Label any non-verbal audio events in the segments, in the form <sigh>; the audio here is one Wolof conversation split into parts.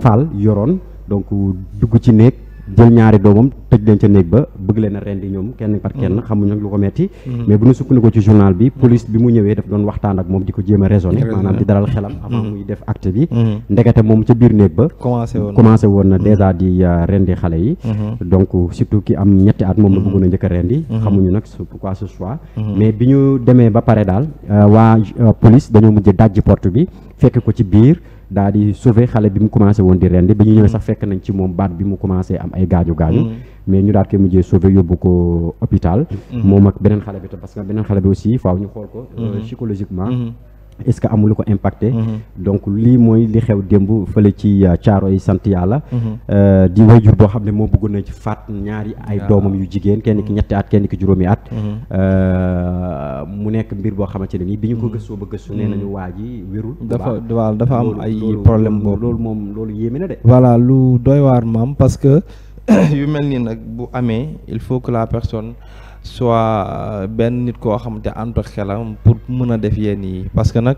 Fall yoroon donc dugg ci néeg jël ñaari doomam tëj leen ca néeg ba bëgg leen a rendi ñoom kenn par kenn mm-hmm. xamuñu ak lu ko metti mm-hmm. mais bu ñu sukkandikoo ci journal bi mm-hmm. police bi mu ñëwee daf doon waxtaan ak moom di ko jéem a raisonné maanaam di dalal xelam avant muy def acte bi ndekete di euh, rendi xale yi donc surtout ki am ñetti at moom la bëggoon a njëkk a rendi xamuñu nag pourquoi ce soit mais bi ñu demee ba pare daal euh, waa euh, police dañoo mujj dajji porte bi fekk ko ci biir daal di sauver xale bi mu commencé woon di rendi bi ñu ñëwee mm. sax fekk nañ ci moom baat bi mu commencé am ay gaañu gaañu mm. mais ñu daal koy mujjee sauver yóbbu ko hôpital mm. moom ak beneen xale bi te parce que beneen xale bi aussi faaw ñu xool ko euh, mm-hmm. psychologiquement mm-hmm. est-ce que amul lu ko impacté. Mm-hmm. donc lii mooy li xew démb fële ci caaro euh, yi sant yàlla. Mm-hmm. Euh, di wayjur boo xam ne moo bëggoon na ci faat ñaari ay doomam yu jigéen kenn ki mm-hmm. ñetti at kenn ki juróomi at. Euh, mu nekk mbir boo xamante ne nii bi ñu ko gëstoo ba gëstu nee nañu waa ji wérul. dafa waaw dafa am ay problème boobu loolu moom loolu yéeme na de. voilà lu doy waar maam parce que <coughs> yu mel nii nag bu amee il faut que la personne. soit euh, benn nit koo xamante ànd ak xelam pour mën a def yenn nii parce que nag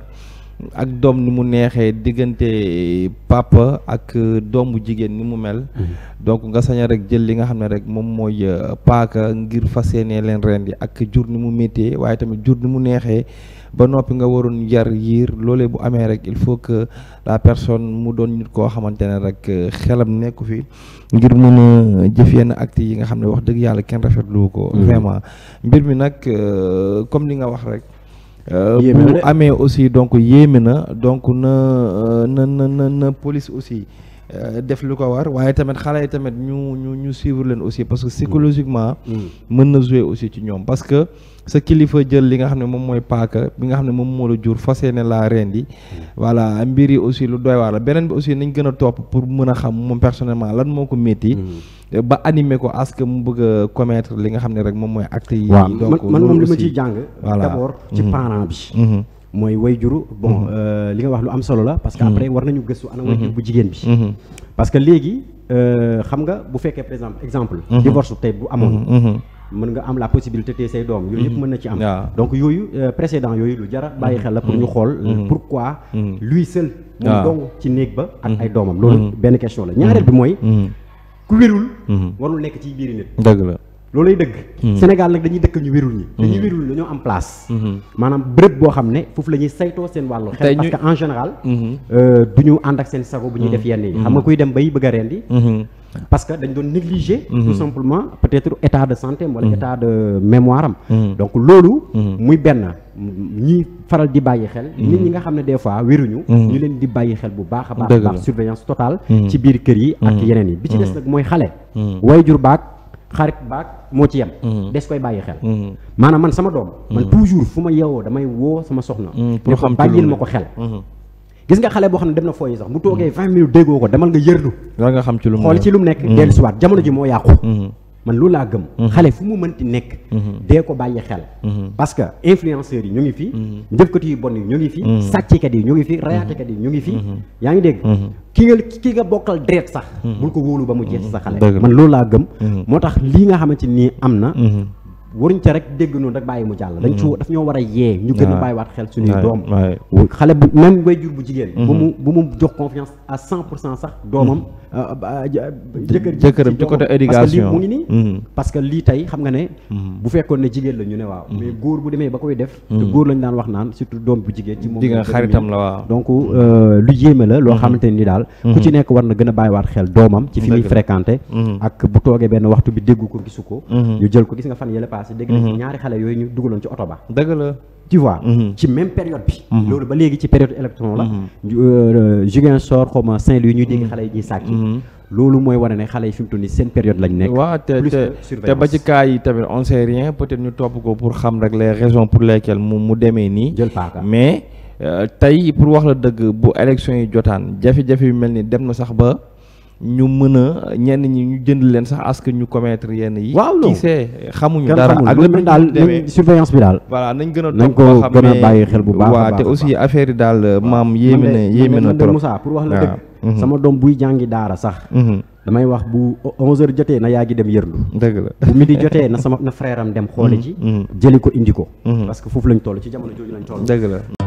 ak doom ni mu neexee diggante papa ak euh, doomu jigéen ni mu mel mhm. donc nga saña rek jël li nga xam ne rek moom mooy euh, paaka ngir fas yéene leen rendi ak jur ni mu méttee waaye tamit jur ni mu neexee ba noppi nga waroon yar yiir loole bu amee rek il faut que la personne mu doon nit koo xamante ne rek euh, xelam nekku fi ngir mën a jëf yenn acte yi nga xam ne wax dëgg yàlla kenn rafetlu ko mhm. vraiment mbir mi nag comme li nga wax rek bu euh, amee aussi donc yéeme na donc na euh, na na na police aussi Euh, def lu ko war waaye tamit xale yi tamit ñu ñu ñu suivre leen aussi parce que psychologiquement. Mm. Mm. mën na jouer aussi ci ñoom parce que sa kilifa jël li nga xam ne moom mooy paaka bi nga xam ne moom moo la jur fas yéene laa rendi mm. voilà mbir yi aussi lu doy waar beneen bi aussi nañ gën a topp pour mën a xam moom personnellement lan moo ko métti. ba animé ko à que mu bëgg a li nga xam ne rek moom mooy acte yi. donc man moom li ma ciy jàng. voilà d'abord ci mm-hmm. parent bi. Mm-hmm. mooy woy juru bon mhm. euh, li nga wax lu am solo la parce que mhm. après war nañu gëstu ana wayjur mhm. bu jigéen bi parce que léegi euh, xam nga bu fekkee par exemple exemple divorce tey bu amoon mën nga am la possibilité tey say doom yooyu yëpp mën na ci am donc yooyu euh, précédent yooyu lu jara bàyyi xel la pour ñu xool pourquoi lui seul moom dong ci néeg ba ak ay doomam loolu benn question la ñaareel bi mooy ku wérul warul nekk ci biiri nit la loolay dëgg. Hmm. Sénégal nag dañuy dëkk ñu wérul ñi. Hmm. dañuy wérul dañoo am place. Hmm. maanaam bërëb boo xam ne foofu la ñuy saytoo seen wàllu xel. parce que en général. Euh, du ñu ànd ak seen sago bu ñuy def yenn yi. xam nga kuy dem bay bëgg a rendi parce que dañ doon négliger. tout simplement peut-être état de santé am. wala état de mémoire am. donc loolu. muy benn ñi faral di bàyyi xel. nit ñi nga xam ne des fois wéruñu. ñu leen di bàyyi xel bu baax a baax. baax surveillance totale. ci biir kër yi. ak yeneen yi bi ci mooy xale. xarit baag moo ci yem. Mm-hmm. des koy bàyyi xel. Mm-hmm. maanaam man sama doom. man mm-hmm. toujours fu ma yeewoo damay woo sama soxna. pour xam bàyyil ma ko xel. gis nga xale boo xam ne dem na fooyi sax bu toogee vingt minutes déggoo ko demal nga yërlu. war nga xam ci lu mu xool ci lu mu nekk. dellusiwaat jamono ji moo yàqu. man loolu laa gëm. xale fu mu mënti nekk. dee ko bàyyi xel. parce que yi ñu ngi fi. njëfkat yu bon yi ñu ngi fi. sàccikat yi ñu ngi fi rayaatekat yi ñu ngi fi. yaa ngi ki nga ki nga bokkal deret sax hmm. bul ko wóolu ba mu jeex sa xale man loolu laa gëm hmm. moo tax lii nga xamante nii am na hmm. waruñ ca rek dégg noonu rek bàyyi mu jàll dañ ci mm-hmm. daf ñoo war a yee ñu gën a bàyyiwaat xel suñuy doom xale bu même way jur bu jigéen mm-hmm. bu mu bu mu jox confiance à cent pour cent sax doomam mm-hmm. euh, euh, jëkkër jëkkëram ci côté éducation mu ngi nii parce que lii tey xam nga ne bu fekkoon ne jigéen la ñu ne waaw mais góor bu demee ba koy def te góor lañ daan wax naan surtout doom bu jigéen ci moom di nga xaritam la waaw donc euh, lu yéeme la loo xamante ni daal ku ci nekk war na gën a bàyyiwaat xel doomam ci fi muy fréquenté bu toogee benn waxtu bi dégg ko gisu ko jël ko gis nga fan passé dégg nañ ci mhm. ñaari xale yooyu ñu dugaloon ci oto ba dëgg la tu vois mhm. ci même période bi mhm. loolu ba léegi ci période élection la euh, euh, Ziguinchor xaw Saint-Louis ñuy dégg xale yi ñuy sàcc loolu mooy wane ne xale yi fi mu seen période lañ nekk. te te ba ci cas yi tamit on sait rien ñu topp ko pour xam rek les pour lesquelles mu demee nii. jël paaka mais euh, tey pour wax la dëgg bu élection yi jotaan jafe-jafe yu mel ni dem na sax ba. ñu mën a ñenn ñi ñu jënd leen sax à ce ñu commettre yenn yi. waaw loolu xamuñu dara ak lépp daal surveillance bi daal. voilà nañ a toog ko gën a bàyyi xel bu baax waaw te aussi affaire yi daal maam yéeme na na mhm. sama doom buy jàngi daara sax. Mhm. damay wax bu 11h jotee na yaa ngi dem yërlu. dëgg la bu midi jotee na sama na frère am dem. <laughs> Mhm. xoole ji jëli ko indi ko. parce que foofu lañ toll ci jamono jooju lañ toll. dëgg la.